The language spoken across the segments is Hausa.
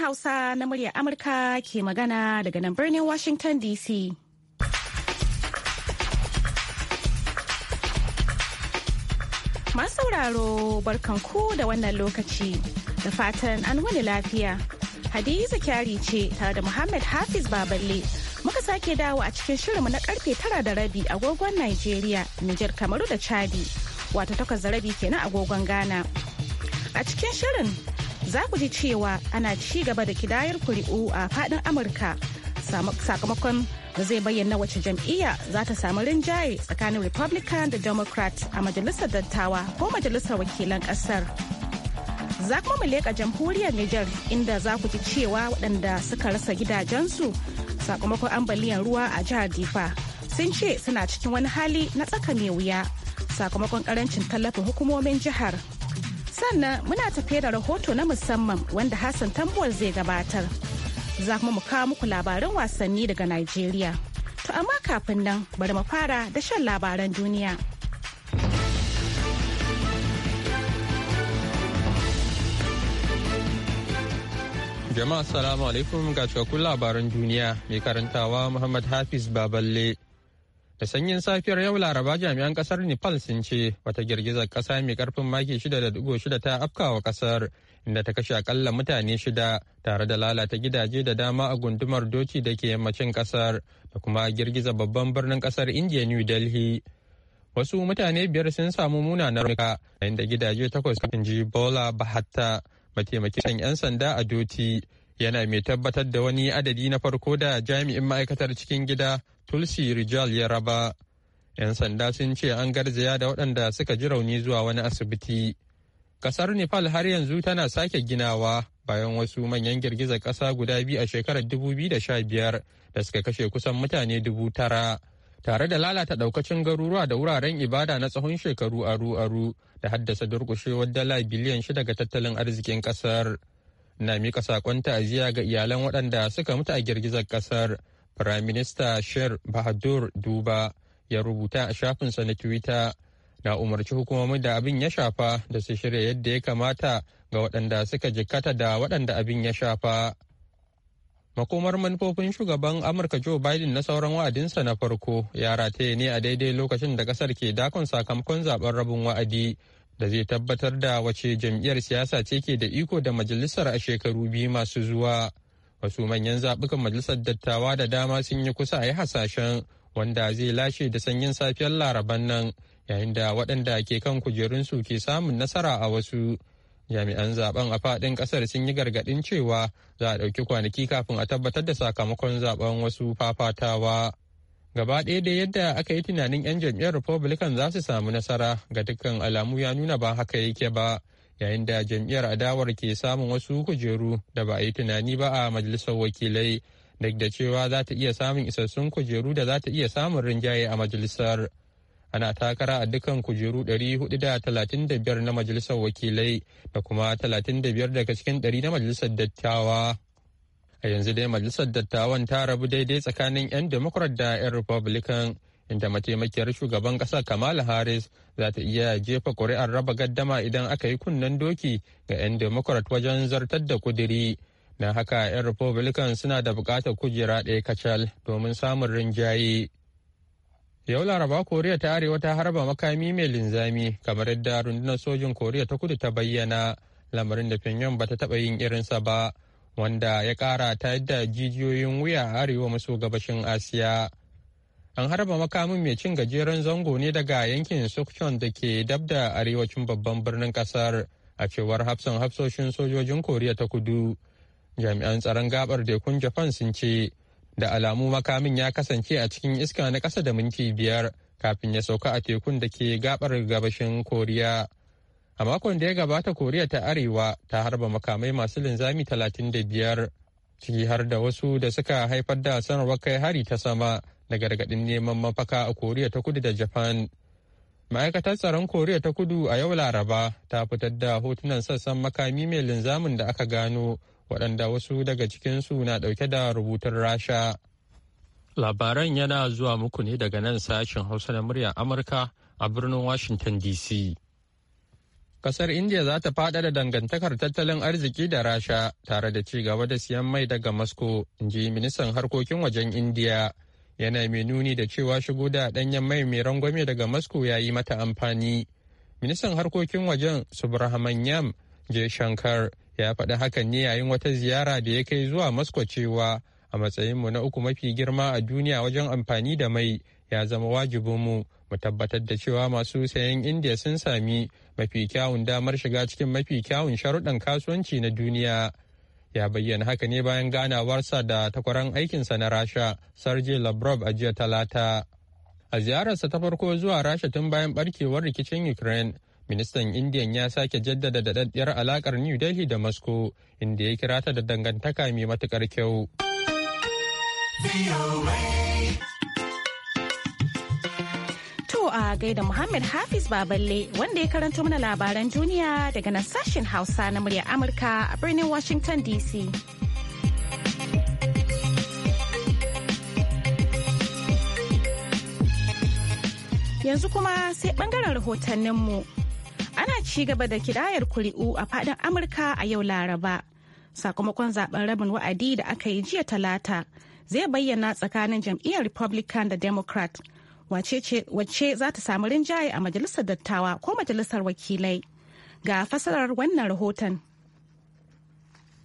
Hausa na muryar Amurka ke magana daga nan birnin Washington DC. Masu sauraro barkanku da wannan lokaci da fatan an wani lafiya. Hadiza kyari ce tare da Muhammad Hafiz Baballe. Muka sake dawo a cikin shirinmu na karfe tara da rabi agogon Najeriya, Nijar Kamaru da Chadi, wato takwas da rabi kenan agogon Ghana. A cikin shirin za ku ji cewa ana ci gaba da kidayar kuri'u a fadin Amurka sakamakon da zai bayyana wace jam'iyya za ta samu rinjaye tsakanin Republican da Democrat a Majalisar Dattawa ko Majalisar Wakilan kasar. Za kuma mu leƙa jamhuriyar Niger. inda za ku ji cewa waɗanda suka rasa gidajensu sakamakon ambaliyar ruwa a jihar Difa sun ce suna cikin wani hali na tsaka mai wuya sakamakon ƙarancin tallafin hukumomin jihar. sannan muna tafe da rahoto na musamman wanda hassan tambuwar zai gabatar za mu kawo muku labarin wasanni daga nigeria to amma kafin nan bari mu fara da shan labaran duniya jama'a salamu alaikum ga cikakkun labaran duniya mai karantawa muhammad hafiz baballe Da sanyin safiyar yau Laraba jami'an kasar Nepal sun ce wata girgizar kasa mai karfin maki 6.6 ta afkawa kasar inda ta kashe akalla mutane shida tare da lalata gidaje da dama a gundumar doci da ke yammacin kasar da kuma girgiza babban birnin kasar India New Delhi. Wasu mutane biyar sun samu munanan raunuka yayin da gidaje takwas kan ji Bola Bahatta mataimakin 'yan sanda a doci. yana mai tabbatar da wani adadi na farko da jami'in ma'aikatar cikin gida tulsi rijal ya raba 'yan sanda sun ce an garzaya da waɗanda suka ji rauni zuwa wani asibiti kasar nepal har yanzu tana sake ginawa bayan wasu manyan girgizar ƙasa guda biyu a shekarar 2015 da sha biyar. da suka kashe kusan mutane dubu tara tare da lalata ɗaukacin garuruwa da wuraren ibada na tsawon shekaru aru-aru da haddasa durƙushewar dala biliyan shida ga tattalin arzikin ƙasar na miƙa saƙon ta'aziya ga iyalan waɗanda suka mutu a girgizar ƙasar Firaminista Sher Bahadur Duba ya rubuta a shafinsa na Twitter na umarci hukumomi da abin ya shafa da su shirya yadda ya kamata ga waɗanda suka jikkata da waɗanda abin ya shafa. Makomar manufofin shugaban Amurka Joe Biden na sauran wa'adinsa na farko ya rataye ne a daidai lokacin da ƙasar ke dakon sakamakon zaben rabin wa'adi da zai tabbatar da wace jam'iyyar siyasa ce ke da iko da majalisar a shekaru biyu masu zuwa. wasu manyan zaɓukan majalisar dattawa da dama sun yi kusa a yi hasashen wanda zai lashe da sanyin safiyar laraban nan yayin da waɗanda ke kan kujerunsu ke samun nasara a wasu jami'an zaben a faɗin ƙasar sun yi gargaɗin cewa za a ɗauki kwanaki kafin a tabbatar da sakamakon zaben wasu fafatawa gaba ɗaya da yadda aka yi tunanin 'yan jam'iyyar republican za su samu nasara ga dukkan alamu ya nuna ba haka yake ba yayin da jam'iyyar adawar ke samun wasu kujeru da ba a yi tunani ba a majalisar wakilai duk da cewa za ta iya samun isassun kujeru da za ta iya samun rinjaye a majalisar ana takara a dukkan kujeru 435 na majalisar wakilai da kuma 35 daga cikin 100 na majalisar dattawa a yanzu dai majalisar dattawan ta rabu daidai tsakanin 'yan democrat da 'yan republican inda mataimakiyar shugaban kasa kamala harris za ta iya jefa kuri'ar raba gaddama idan aka yi kunnen doki ga 'yan democrat wajen zartar da kudiri na haka 'yan republican suna da bukatar kujera ɗaya kacal domin samun rinjaye yau laraba koriya ta arewa ta harba makami mai linzami kamar yadda rundunar sojin koriya ta kudu ta bayyana lamarin da pyongyang ba ta taba yin irinsa ba wanda ya kara ta yadda jijiyoyin wuya a arewa maso gabashin asiya an harba makamin mai cin gajeren zango ne daga yankin sukchon da ke dab da arewacin babban birnin kasar a cewar hafsan hafsoshin sojojin koriya ta kudu jami'an tsaron gabar tekun japan sun ce da alamu makamin ya kasance a cikin iska na kasa da minti biyar kafin ya sauka a tekun da ke gabar gabashin koriya a makon da ya gabata koriya ta arewa ta harba makamai masu linzami talatin da biyar ciki har da wasu da suka haifar da sanarwar kai hari ta sama da gargadin neman mafaka a koriya ta kudu da japan ma'aikatar tsaron koriya ta kudu a yau laraba ta fitar da hotunan sassan makami mai linzamin da aka gano waɗanda wasu daga cikinsu na ɗauke da rubutun rasha labaran yana zuwa muku ne daga nan sashen hausa na murya amurka a birnin washington dc kasar india za ta fada da dangantakar tattalin arziki da rasha tare da ci gaba da siyan mai daga moscow in ji ministan harkokin wajen india yana mai nuni da cewa shigo da danyen mai mai rangwame daga moscow ya yi mata amfani ministan harkokin wajen subrahmanyam shankar ya faɗi hakan ne yayin wata ziyara da ya kai zuwa moscow cewa a matsayinmu na uku mafi girma a duniya wajen amfani da mai ya zama wajibinmu mu tabbatar da cewa masu sayan indiya sun sami mafi kyawun damar shiga cikin mafi kyawun sharuɗan kasuwanci na duniya ya bayyana haka ne bayan ganawarsa da takwaran aikinsa na rasha sarge lavrov a jiya talata a ziyararsa ta farko zuwa rasha tun bayan barkewar rikicin ukraine ministan indiyan ya sake jaddada daɗaɗɗiyar alakar new delhi da moscow inda ya kira ta da dangantaka mai matukar kyau a gaida Muhammad Hafiz Baballe wanda ya karanto mana labaran duniya daga nan sashen Hausa na muryar Amurka a birnin Washington DC. Yanzu kuma sai bangaren rahotanninmu. Ana ci gaba da kidayar kuri'u a fadin Amurka a yau Laraba. Sakamakon zaben rabin wa'adi da aka yi jiya talata zai bayyana tsakanin jam'iyyar Republican da Democrat. wacce za ta samu rinjaye a majalisar dattawa ko majalisar wakilai ga fasarar wannan rahoton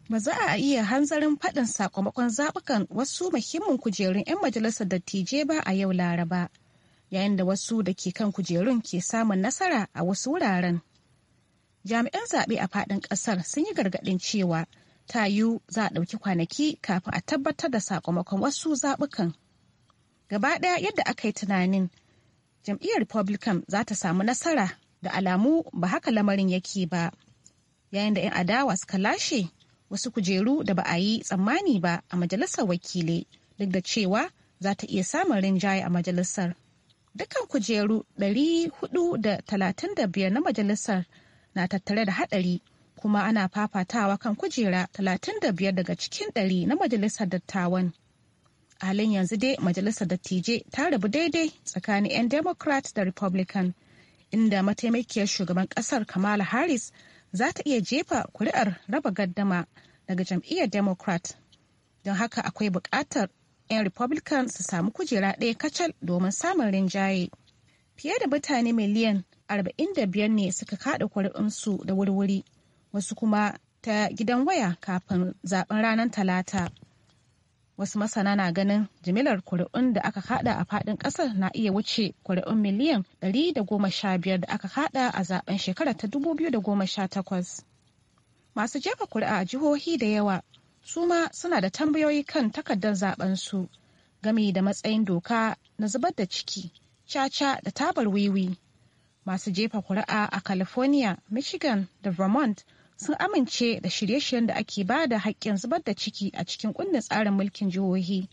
ba za a iya hanzarin faɗin sakamakon zaɓukan wasu muhimmin kujerun 'yan majalisar dattijai ba a yau laraba yayin da wasu da ke kan kujerun ke samun nasara a wasu wuraren jami'an zaɓe a faɗin ƙasar sun yi gargaɗin cewa ta yiwu za a ɗauki kwanaki kafin a tabbatar da sakamakon wasu zaɓukan gaba ɗaya yadda aka yi tunanin jam'iyyar republican za ta samu nasara da alamu ba haka lamarin yake ba yayin da 'yan adawa suka lashe wasu kujeru da ba a yi tsammani ba a majalisar wakilai duk da cewa za ta iya samun rinjaye a majalisar dukkan kujeru 435 na majalisar na tattare da hadari kuma ana fafatawa kan kujera 35 daga cikin 100 na majalisar dattawan halin yanzu dai majalisar dattijai ta rabu daidai tsakanin 'yan democrat da republican inda mataimakiyar shugaban kasar kamala harris za ta iya jefa kuri'ar raba gaddama daga jam'iyyar democrat don haka akwai bukatar 'yan republican su samu kujera ɗaya kacal domin samun rinjaye fiye da mutane miliyan 45 ne suka kada kuri'unsu da wurwuri wasu kuma ta gidan waya kafin zaben ranar talata wasu masana na ganin jimilar kuri'un da aka kada a fadin kasar na iya wuce kuri'un miliyan 115 da aka kada a zaben shekara ta 2018 masu jefa kuri'a a jihohi da yawa su ma suna da tambayoyi kan takardar zaben su game da matsayin doka na zubar da ciki caca da tabar wiwi masu jefa kuri'a a california michigan da vermont sun amince da shirye-shiryen da ake ba da haƙƙin zubar da ciki a cikin kundin tsarin mulkin jihohi.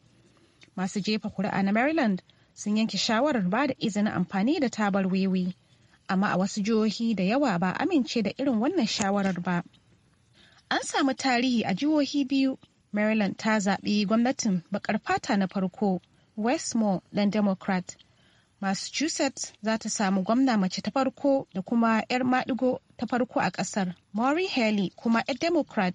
Masu jefa kuri'a na Maryland sun yanke shawarar ba da izinin amfani da tabar wiwi, amma a wasu jihohi da yawa ba amince da irin wannan shawarar ba. An samu tarihi a jihohi biyu, Maryland ta zaɓi gwamnatin baƙar fata na farko, Westmore dan Democrat, Massachusetts za ta samu gwamna mace ta farko da kuma 'yar maɗigo ta farko a ƙasar. Maury Haley kuma 'yar Democrat.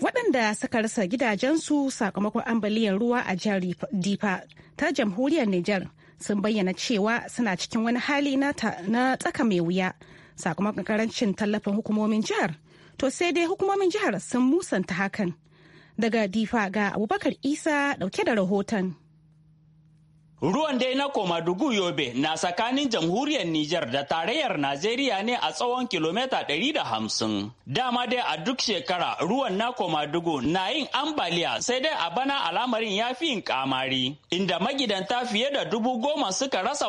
Waɗanda suka rasa gidajensu sakamakon ambaliyar ruwa a jihar Difa ta jamhuriyar Nijar sun bayyana cewa suna cikin wani hali na tsaka mai wuya sakamakon karancin tallafin hukumomin jihar. To sai dai hukumomin jihar sun musanta hakan. Daga Difa ga Abubakar Isa dauke da rahoton. Ruwan dai na koma dugu Yobe na tsakanin jamhuriyar Nijar da tarayyar Najeriya ne a tsawon kilomita ɗari da hamsin. Dama dai a duk shekara ruwan na koma dugu na yin ambaliya sai dai a bana alamarin ya fi yin kamari. Inda magidanta fiye da dubu goma suka rasa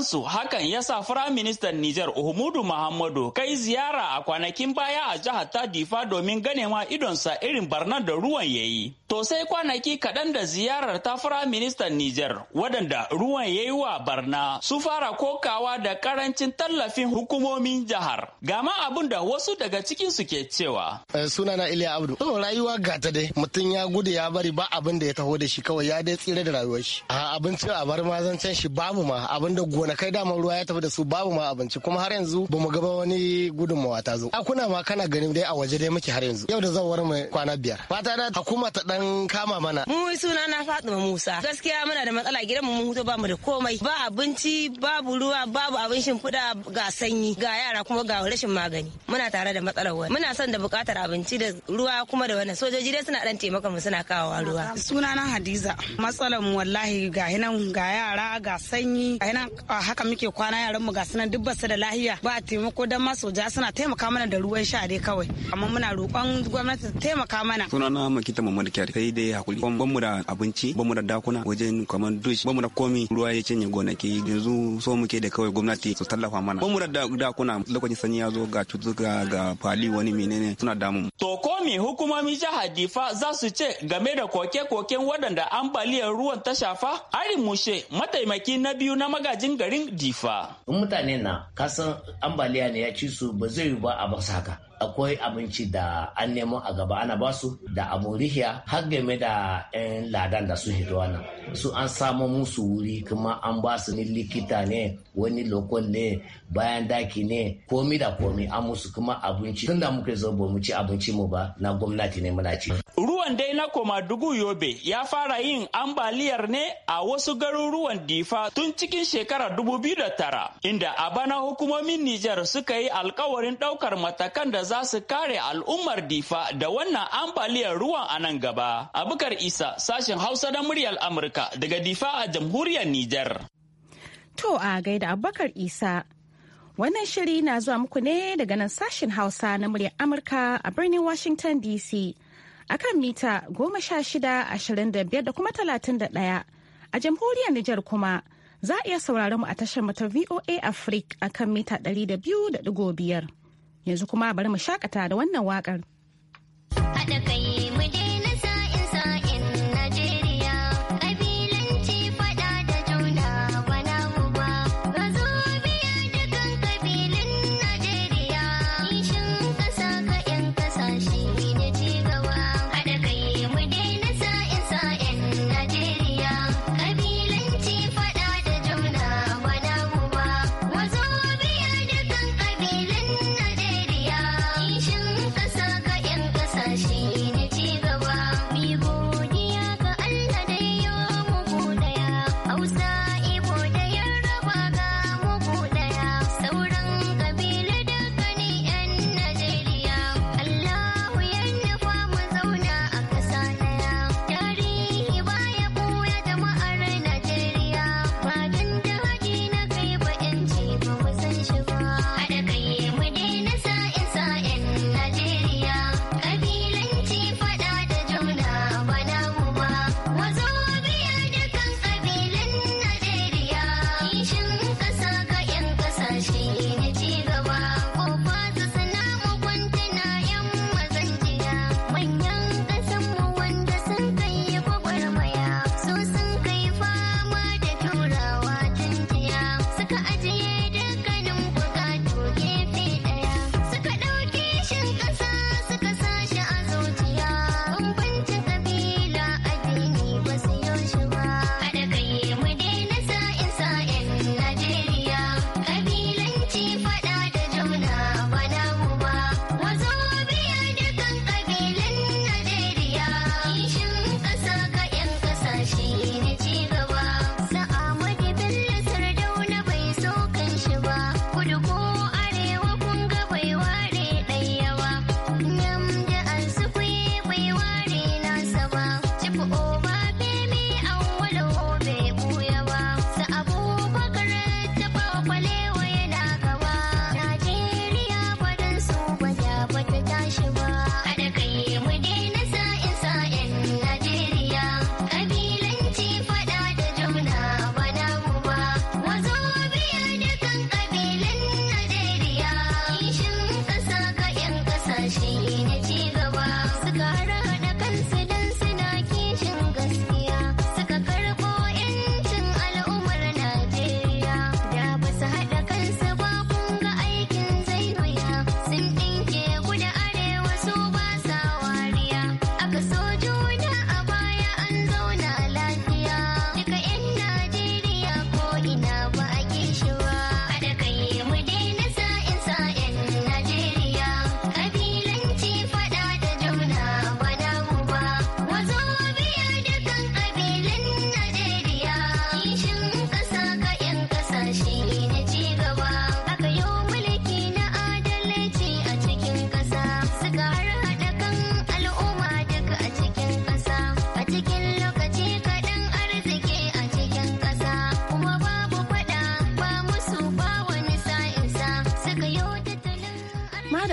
su hakan ya sa Firaministan Nijar Uhumudu Muhammadu kai ziyara a kwanakin baya a jihar ta Difa domin ganewa idonsa irin barnar da ruwan ya yi. To sai kwanaki kaɗan da ziyarar ta Firaministan Nijar waɗanda ruwan ya yi wa barna su fara kokawa da karancin tallafin hukumomin jihar. Gama abin da wasu daga cikin su ke cewa. Eh, sunana Iliya Abdu. To rayuwa ta dai mutum ya gudu ya bari ba abin da ya taho da shi kawai ya dai tsira da rayuwar shi. A abinci a bar can shi babu ma abin da gonakai daman ruwa ya tafi da su babu ma abinci kuma har yanzu ba mu gaba wani gudunmawa ta zo. A kuna ma kana ganin dai a waje dai muke har yanzu. Yau da zan war mu kwana biyar. Fata na hukuma ta dan kama mana. Mu sunana Fatima Musa. Gaskiya muna da matsala gida. gidan mu mutu ba mu da komai ba abinci babu ruwa babu abin shimfiɗa ga sanyi ga yara kuma ga rashin magani muna tare da matsalar wani muna son da buƙatar abinci da ruwa kuma da wannan sojoji dai suna dan taimaka mu suna kawowa ruwa sunana hadiza matsalar mu wallahi ga hinan ga yara ga sanyi ga hinan haka muke kwana yaran mu ga sunan duk basu da lahiya ba taimako dan ma soja suna taimaka mana da ruwan sha dai kawai amma muna roƙon gwamnati ta taimaka mana sunana makita mamadu kyari sai dai hakuri ban da abinci ban da dakuna wajen kamar dush shi ba mu da komi ruwa ya cinye gonaki yanzu so muke da kawai gwamnati su tallafa mana ba da dakuna lokacin sanyi ya zo ga cutuka ga fali wani menene suna damu to komi hukumomi jihar difa za su ce game da koke-koken waɗanda ambaliyar ruwan ta shafa ari mushe mataimaki na biyu na magajin garin difa in mutane na kasan ambaliya ne ya ci su ba zai yi ba a basaka akwai abinci da an nemo a gaba ana basu da aburihiya har game da 'yan ladan da sun hito nan su an samu musu wuri kuma an ba ni likita ne wani lokon ne bayan daki ne komi da komi an musu kuma abinci tunda muka zo ba mu ci abinci mu ba na gwamnati ne muna ci ruwan dai na koma dugu yobe ya fara yin ambaliyar ne a wasu garuruwan difa tun cikin shekarar tara inda a bana hukumomin Nijar suka yi alkawarin daukar matakan da za su kare al'ummar difa da wannan ambaliyar ruwan a nan gaba. Abukar Isa sashen Hausa na muryar Amurka daga difa a jamhuriyar Nijar. To a gaida Abubakar Isa. Wannan shiri na zuwa muku ne daga nan sashen Hausa na muryar Amurka a birnin Washington DC. akan mita goma sha shida ashirin da biyar da kuma talatin da ɗaya a jamhuriyar Nijar kuma za a iya sauraron mu a tashar mata VOA Africa akan mita ɗari da biyu da ɗigo biyar. Yanzu kuma bari mu shakata da wannan waƙar. Haɗa kai mu je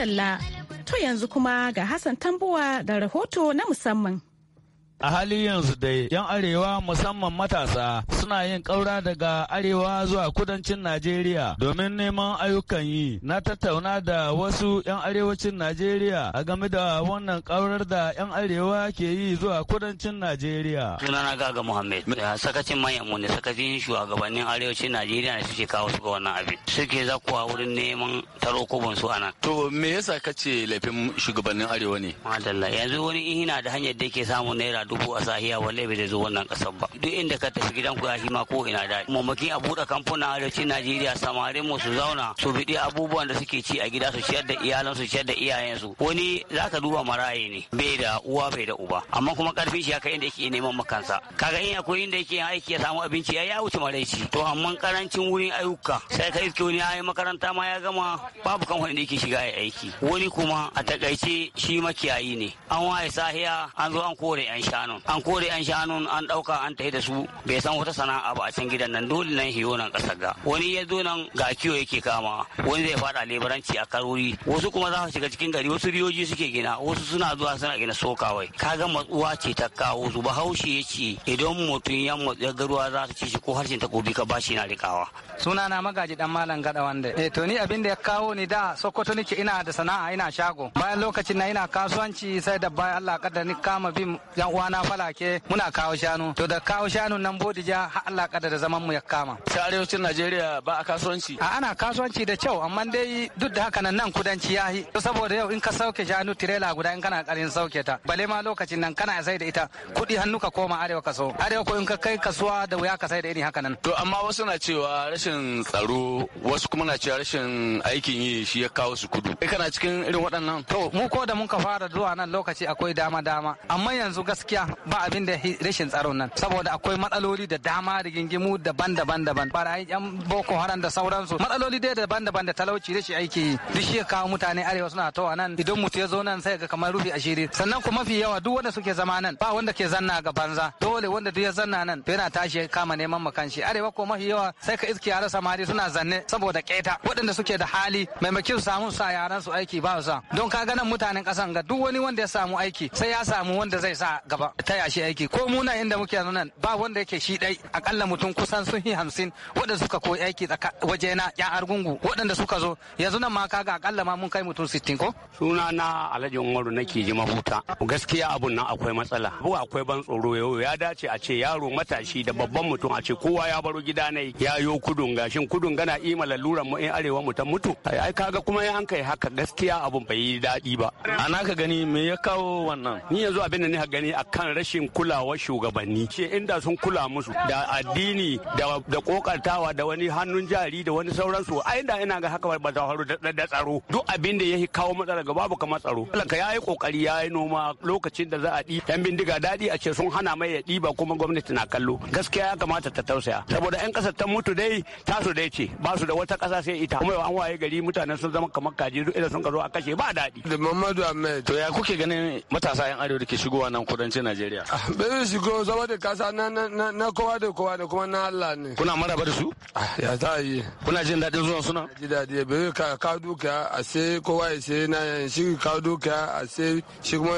Madalla. To yanzu kuma ga Hassan Tambuwa da rahoto na musamman. A hali yanzu dai, 'yan Arewa musamman matasa suna yin ƙaura daga arewa zuwa kudancin Najeriya domin neman ayyukan yi. Na tattauna da wasu 'yan arewacin Najeriya a game da wannan ƙaurar da 'yan arewa ke yi zuwa kudancin Najeriya. Sunana Gaga Muhammad, sakacin manyan mu ne sakacin shugabannin arewacin Najeriya ne suke kawo su ga wannan abin. Suke zakuwa wurin neman taro kubun su nan. To me yasa kace laifin shugabannin arewa ne? Madalla yanzu wani ihina da hanyar da yake samun naira dubu a sahiya wallahi bai zo wannan kasar ba. Duk inda ka tafi gidan ku shi ma ko ina da mamakin a buɗe kamfuna arewacin najeriya samarin mu su zauna su biɗi abubuwan da suke ci a gida su ciyar da iyalan su ciyar da iyayensu wani zaka duba maraye ne bai da uwa bai da uba amma kuma karfin shi haka inda yake neman makansa kaga in akwai inda yake yin aiki ya samu abinci ya ya wuce maraici to amma karancin wurin ayyuka sai ka iske wani yayi makaranta ma ya gama babu kamfanin da yake shiga ya aiki wani kuma a takaice shi makiyayi ne an waye sahiya an zo an kore yan shanun an kore yan shanun an ɗauka an tafi da su bai san wata sana'a ba a can gidan nan dole nan hiyo nan kasa ga wani ya zo nan ga kiwo yake kama wani zai fada lebaranci a karori wasu kuma za su shiga cikin gari wasu riyoji suke gina wasu suna zuwa suna gina soka wai kaga matsuwa ce ta kawo su haushi ya ce idan mutum ya matsuwa garuwa za su ci shi ko harshen gobe ka bashi na rikawa suna na magaji dan malam gada wanda eh to ni abin da ya kawo ni da sokoto nake ina da sana'a ina shago bayan lokacin na ina kasuwanci sai da bayan Allah kadar ni kama bin yan uwana falake muna kawo shanu to da kawo shanu nan bodija har Allah da zaman mu ya kama. Sai arewacin Najeriya ba a kasuwanci. A ana kasuwanci da kyau amma dai duk da haka nan kudanci ya yi. Saboda yau in ka sauke shanu tirela guda in kana karin sauke ta. Bale ma lokacin nan kana sai da ita kuɗi hannu ka koma arewa kaso. Arewa ko in ka kai kasuwa da wuya ka sai da ini haka nan. To amma wasu na cewa rashin tsaro wasu kuma na cewa rashin aikin yi shi ya kawo su kudu. Kai kana cikin irin waɗannan. To mu ko da mun ka fara zuwa nan lokaci akwai dama dama amma yanzu gaskiya ba abin da rashin tsaron nan saboda akwai matsaloli da dama. dama rigingimu daban-daban daban bara yan boko haram da sauransu matsaloli dai daban-daban da talauci shi aiki yi duk shi kawo mutane arewa suna tawa nan idan mutu ya zo nan sai ga kamar rufi ashiri sannan kuma mafi yawa duk wanda suke zama nan ba wanda ke zanna ga banza dole wanda duk ya zanna nan to yana tashi kama neman shi arewa ko mafi yawa sai ka iske yara samari suna zanne saboda keta waɗanda suke da hali maimakin samu sa yaran su aiki ba sa don ka ganin mutanen kasan ga duk wani wanda ya samu aiki sai ya samu wanda zai sa gaba ta yashi aiki ko muna inda muke nan ba wanda yake shi dai akalla mutum kusan sun yi hamsin waɗanda suka koyi aiki wajena ya argungu waɗanda suka zo yanzu nan ma kaga akalla ma mun kai mutum sittin ko. suna na alhaji umaru nake ji mahuta gaskiya abun nan akwai matsala ko akwai ban tsoro yau ya dace a ce yaro matashi da babban mutum a ce kowa ya baro gida ne ya yo kudun gashin kudun gana ima laluran mu in arewa mu ta mutu ai kaga kuma ya hankali haka gaskiya abun bai yi daɗi ba ana ka gani me ya kawo wannan ni yanzu abin da ni gani akan rashin kulawa shugabanni ce inda sun kula musu da da addini da kokartawa da wani hannun jari da wani sauransu ai da ina ga haka ba za da tsaro duk abin da ya kawo matsala ga babu kamar tsaro ka ya yi kokari ya noma lokacin da za a di yan bindiga dadi a ce sun hana mai ya diba kuma gwamnati na kallo gaskiya ya kamata ta tausaya saboda yan ƙasar ta mutu dai tasu dai ce ba su da wata kasa sai ita kuma an waye gari mutane sun zama kamar kaji duk idan sun ka zo a kashe ba daɗi. da Muhammadu ahmed to ya kuke ganin matasa yan arewa da ke shigowa nan kudancin najeriya. Ah, bai shigo zama kasa na kowa sai kowa ne kuma na Allah ne kuna maraba da su ah, ya za yi kuna jin daɗin zuwa suna ji daɗi bai ka ka duka a sai kowa ya sai na shi ka duka a sai shi kuma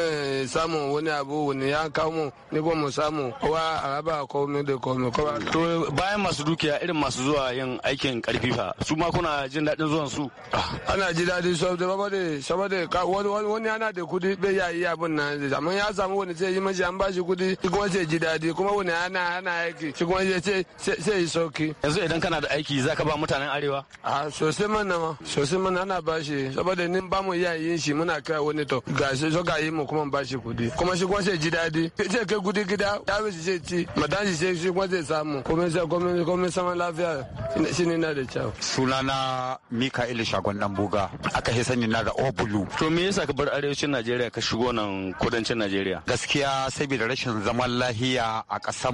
samun wani abu wani ya kawo mu ni kuma mu samu kowa a raba komai da komai kowa to bayan masu dukiya irin masu zuwa yin aikin karfi fa su ma kuna jin daɗin zuwa su ah, ana ji daɗi da baba saboda saboda wani wani yana da kudi bai ya yi abin nan amma ya samu wani zai yi mashi an ba shi kudi kuma sai ji daɗi kuma wani ana ana aiki shi kuma ya ce sai yi sauki yanzu idan kana da aiki za ka ba mutanen arewa a sosai mana ma sosai mana ana ba shi saboda ni ba mu iya yin shi muna kai wani to ga shi so ga yi mu kuma ba shi kudi kuma shi kuma sai ji daɗi sai kai gudi gida ya bi shi sai ci madan shi sai shi kuma zai samu komai sai komai saman lafiya shi ne na da kyau sunana mika'ilu shagon dan buga aka hi sani na da obulu to me yasa ka bar arewacin najeriya ka shigo nan kudancin najeriya gaskiya sabida rashin zaman lahiya a ƙasar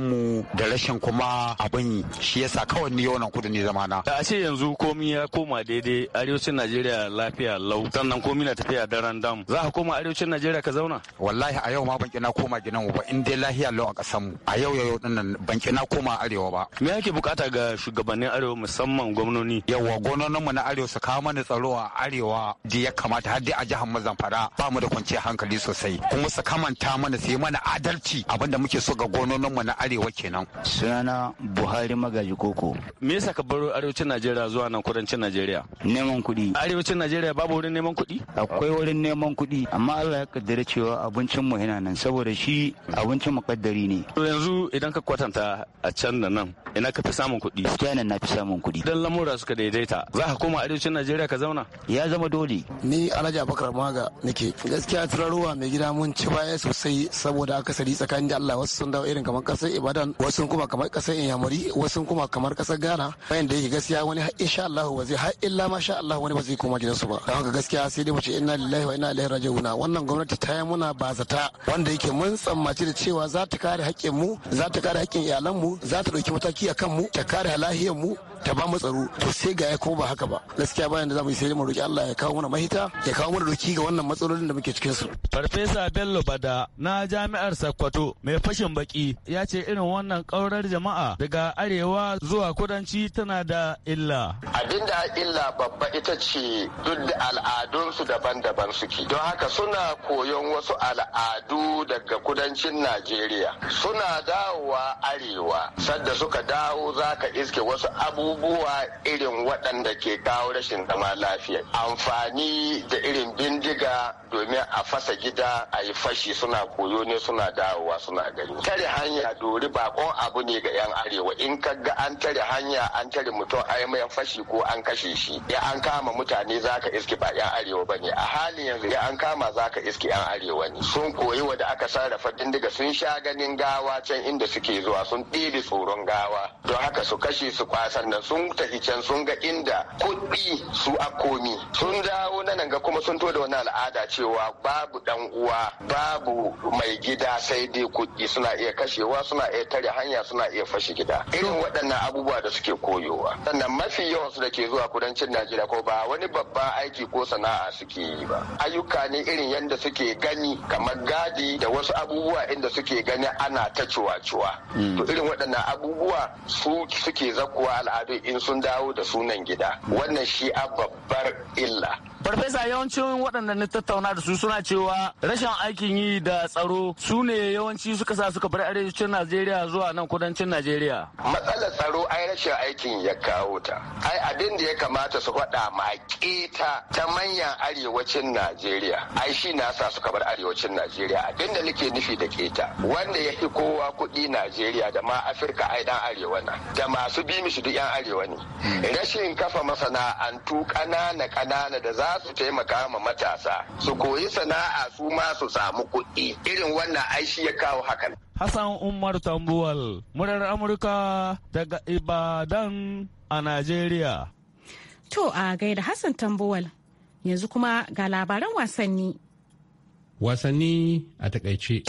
da rashin din kuma abin shi yasa kawai ni wannan kudi ne zama na a ce yanzu komi ya koma daidai arewacin Najeriya lafiya lau sannan komi na tafiya daren dam za ka koma arewacin Najeriya ka zauna wallahi a yau ma ban na koma gidan ba in dai lafiya lau a ƙasan mu a yau yau din nan ban na koma arewa ba me ake bukata ga shugabannin arewa musamman gwamnoni Yawwa gwamnonin mu na arewa su kawo mana tsaro a arewa da ya kamata har dai a jihar Mazamfara ba mu da kwanciyar hankali sosai kuma su kamanta mana su yi mana adalci abinda muke so ga mu na arewa kenan sunana buhari magaji koko me yasa ka baro arewacin najeriya zuwa nan kudancin najeriya neman kuɗi arewacin najeriya babu wurin neman kuɗi akwai wurin neman kuɗi amma allah ya kaddara cewa abincin mu yana nan saboda shi abincin kaddari ne yanzu idan ka kwatanta a can da nan ina ka fi samun kuɗi gaskiya nan na fi samun kuɗi dan lamura suka daidaita za ka koma arewacin najeriya ka zauna ya zama dole ni alhaji abakar maga nake gaskiya turaruwa mai gida mun ci baya sosai saboda akasari tsakanin da allah wasu sun dawo irin kamar kasar ibadan wasu kuma kamar kasar inyamuri wasu kuma kamar kasar ghana bayan da yake gaskiya wani insha Allah wa zai har illa ma sha Allah wani ba zai koma gidansu ba don haka gaskiya sai dai mace ce inna lillahi wa inna ilaihi raji'un wannan gwamnati ta yi muna bazata wanda yake mun tsammaci da cewa za ta kare haƙƙin mu za ta kare haƙƙin iyalan mu za ta ɗauki mataki akan mu ta kare lahiyar mu ta ba mu tsaro to sai ga ya ba haka ba gaskiya bayan da za mu yi sai mu roki Allah ya kawo mana mahita ya kawo mana roki ga wannan matsalolin da muke cikin su farfesa Bello Bada na jami'ar Sakkwato mai fashin baki ya ce irin wannan kaurar jama'a daga arewa zuwa kudanci tana da illa abinda illa babba ita ce duk da al'adunsu daban-daban suke don haka suna koyon wasu al'adu daga kudancin Najeriya suna dawowa arewa sadda suka dawo zaka iske wasu abu abubuwa irin waɗanda ke kawo rashin zama lafiya amfani da irin bindiga domin a fasa gida a yi fashi suna koyo ne suna dawowa suna gani tare hanya dori bakon abu ne ga yan arewa in ka ga an tare hanya an tare mutum a yi mai fashi ko an kashe shi ya an kama mutane za ka iske ba yan arewa ba ne a halin yanzu ya an kama za ka iske yan arewa ne sun koyi wanda aka sarrafa bindiga sun sha ganin gawa can inda suke zuwa sun ɗebe tsoron gawa don haka su kashe su kwasan nan sun tafi can sun ga inda kuɗi su a komi sun dawo nan ga kuma sun to da wani al'ada cewa babu dan uwa babu mai gida sai dai kuɗi suna iya kashewa suna iya tare hanya suna iya fashe gida irin waɗannan abubuwa da suke koyowa sannan mafi yawan su da ke zuwa kudancin najeriya ko ba wani babban aiki ko sana'a suke yi ba ayyuka ne irin yadda suke gani kamar gadi da wasu abubuwa inda suke gani ana ta ciwa-ciwa hmm. to irin waɗannan abubuwa su suke zakuwa al'ada duk in sun dawo da sunan gida wannan shi a babbar illa farfesa yawancin waɗanda na tattauna da su suna cewa rashin aikin yi da tsaro su ne yawanci suka sa suka bar arewacin najeriya zuwa nan kudancin najeriya matsalar tsaro ai rashin aikin ya kawo ta ai abin da ya kamata su faɗa ma keta ta manyan arewacin najeriya ai shi na sa suka bar arewacin najeriya abin da nake nufi da keta wanda ya fi kowa kuɗi najeriya da ma afirka ai dan arewa na da masu bi mishi duk yan arewa ne rashin kafa masana'antu ƙanana ƙanana da za su taimaka ma matasa su koyi sana'a su ma su samu kuɗi irin wannan aishi ya kawo hakan Hassan Umar Tambuwal, murar Amurka daga Ibadan a Najeriya. To a gaida Hassan Tambuwal, yanzu kuma ga labaran wasanni. Wasanni a takaice.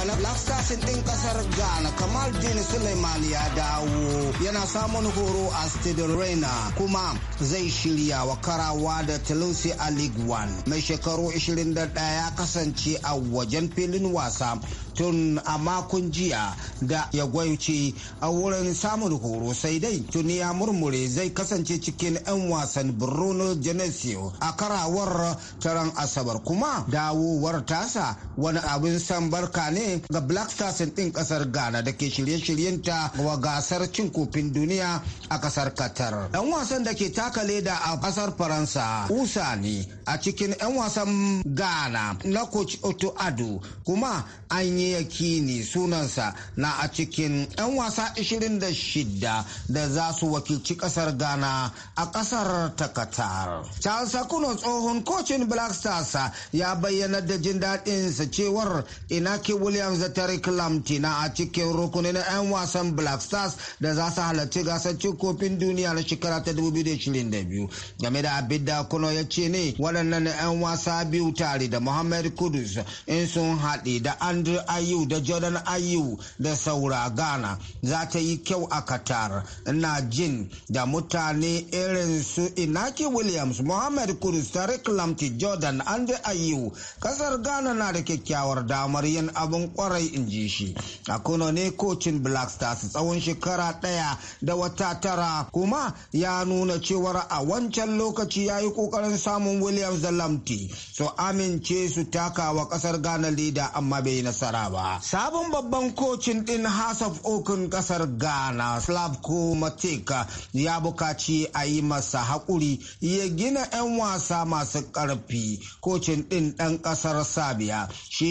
bana laftasin ɗin ƙasar Ghana Kamal din Suleiman ya dawo yana samun horo a Stade Reina kuma zai shirya wa karawa da Telusi a League One mai shekaru 21 ya kasance a wajen filin wasa tun a makon jiya da ya gwaice a wurin samun horo sai dai tuni ya murmure zai kasance cikin 'yan wasan bruno genesio a karawar taron asabar kuma dawowar tasa wani abin san barka ne ga black stars din kasar ghana da ke shirye shiryen ta wa gasar cin kofin duniya a kasar qatar 'yan wasan da ke taka leda a kasar faransa usa ne a cikin 'yan wasan ghana na coach otto ado kuma an yi Yakini sunansa na a cikin 'yan wasa 26 da za su wakilci kasar Ghana a kasar ta Qatar. Charles Sakuno tsohon kocin Black Stars ya bayyana da jin daɗinsa cewar Inaki Williams da Tariq Lamti na a cikin rukunin 'yan wasan Black Stars da za su halarci gasar cin kofin duniya na shekara ta 2022. Game da abin da Kuno ya ce ne waɗannan 'yan wasa biyu tare da Muhammad Kudus in sun haɗe da Andrew ayu da jordan ayu da saura ghana za ta yi kyau a qatar ina jin da mutane irin su inaki williams mohammed kudus tarik lamti jordan andre ayu kasar ghana na da kyakkyawar damar yin abin kwarai in ji shi a kuno ne kocin black stars tsawon shekara ɗaya da wata tara kuma ya nuna cewar a wancan lokaci ya yi kokarin samun williams da lamti so amince su takawa kasar ghana leda amma bai nasara nasara ba. Sabon babban kocin ɗin House of Oaken ƙasar Ghana Slavko Mateka, ya bukaci a yi masa haƙuri ya gina 'yan wasa masu ƙarfi. Kocin ɗin ɗan ƙasar Sabiya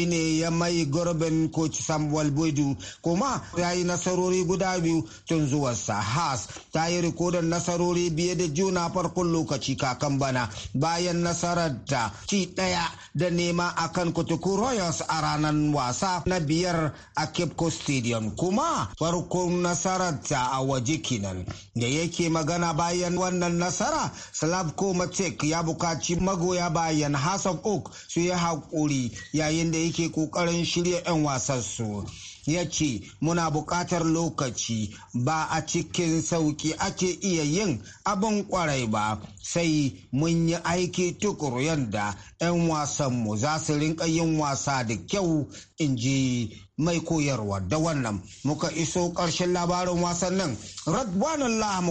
ne ya mai gurbin koci Samuel Boydu kuma ya yi nasarori guda biyu tun zuwarsa. Haas ta yi rikodin nasarori biye da juna farkon lokaci kakan bana bayan nasarar nasararta ci ɗaya da nema akan Kutukun Royals a ranar wasa na biyar a cape coast stadium kuma farkon nasararta a waje kenan da yake magana bayan wannan nasara slavko matek ya bukaci magoya bayan Hassan oak su yi haƙuri yayin da yake ƙoƙarin shirya 'yan su. ya ce muna buƙatar lokaci ba a cikin sauki ake iya yin abin ƙwarai ba sai mun yi aiki tukuru yadda 'yan wasanmu za su rinka yin wasa da kyau in ji mai koyarwa da wannan muka iso ƙarshen labarin wasannin radwanan la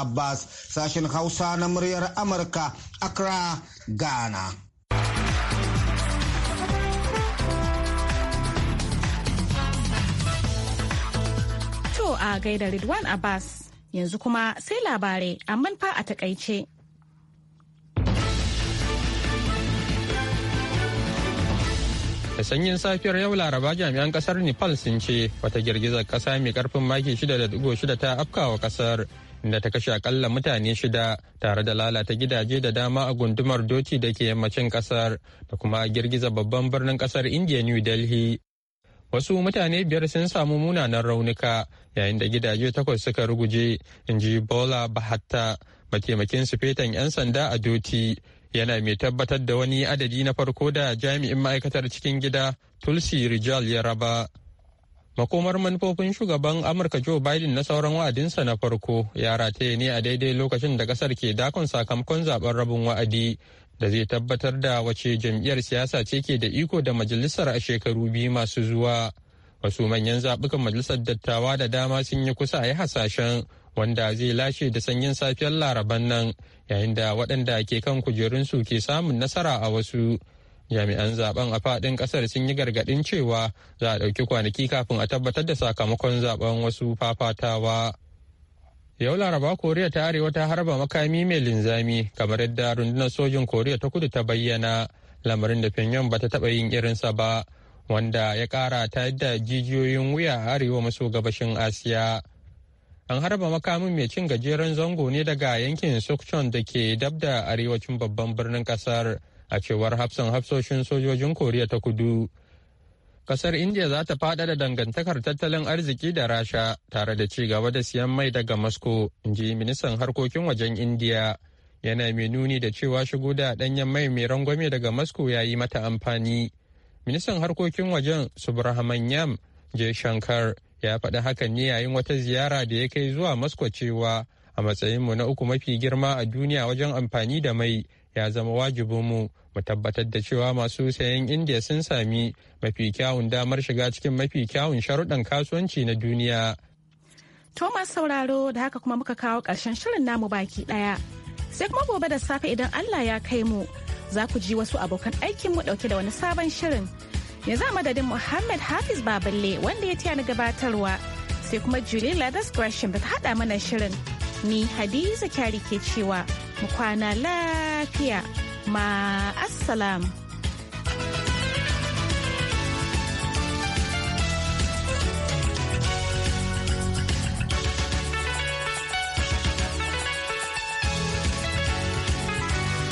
abbas sashen hausa na muryar amurka accra ghana a gaida Ridwan Abbas. Yanzu kuma sai labarai a fa a takaice. da sanyin safiyar yau laraba jami'an kasar nepal sun ce wata girgizar kasa mai karfin maki 6.6 ta afkawa kasar inda ta kashe akalla mutane shida tare da lalata gidaje da dama a gundumar doci da ke yammacin kasar da kuma girgiza babban birnin kasar india new delhi wasu mutane biyar sun samu munanan raunuka yayin da gidaje takwas suka ruguje in ji bola bahatta mataimakin sufetan 'yan sanda a doti yana mai tabbatar da wani adadi na farko da jami'in ma'aikatar cikin gida tulsi rijal ya raba makomar manufofin shugaban amurka joe biden na sauran wa'adinsa na farko ya rataye ne a daidai lokacin da kasar ke dakon sakamakon zaben rabin wa'adi da zai tabbatar da wace jam'iyyar siyasa ce ke da iko da majalisar a shekaru biyu masu zuwa wasu manyan zaɓukan majalisar dattawa da dama sun yi kusa a yi hasashen wanda zai lashe da sanyin safiyar laraban nan yayin da waɗanda ke kan kujerunsu ke samun nasara a wasu jami'an zaben a faɗin ƙasar sun yi gargaɗin cewa za a ɗauki kwanaki kafin a tabbatar da sakamakon zaben wasu fafatawa Yau Laraba Koriya ta Arewa ta harba makami mai linzami kamar yadda rundunar sojin Koriya ta kudu ta bayyana lamarin da Pyongyang ba ta taba yin irinsa ba wanda ya kara ta yadda jijiyoyin wuya a arewa maso gabashin Asiya. An harba makamin mai cin gajeren zango ne daga yankin sokchon da ke dab da arewacin babban birnin kasar a cewar hafsan hafsoshin sojojin Koriya ta kudu. kasar india za ta faɗaɗa dangantakar tattalin arziki da rasha tare da ci gaba da siyan mai daga masko inji ministan harkokin wajen india yana mai nuni da cewa shigo da ɗanyen mai mai rangwame daga masko ya yi mata amfani ministan harkokin wajen subrahmanyam jay shankar ya faɗi hakan ne yayin wata ziyara da ya kai zuwa masko cewa a matsayinmu na uku mafi girma a duniya wajen amfani da mai ya zama wajibinmu mu tabbatar da cewa masu sayan indiya sun sami mafi kyawun damar shiga cikin mafi kyawun sharuɗan kasuwanci na duniya. Thomas sauraro da haka kuma muka kawo ƙarshen shirin namu baki ɗaya. Sai kuma gobe da safe idan Allah ya kai mu za ku ji wasu abokan aikin mu ɗauke da wani sabon shirin. Yanzu a madadin Muhammad Hafiz Baballe wanda ya taya na gabatarwa sai kuma Julie Ladas Gresham da ta haɗa mana shirin. Ni Hadiza Kyari ke cewa mu kwana lafiya ma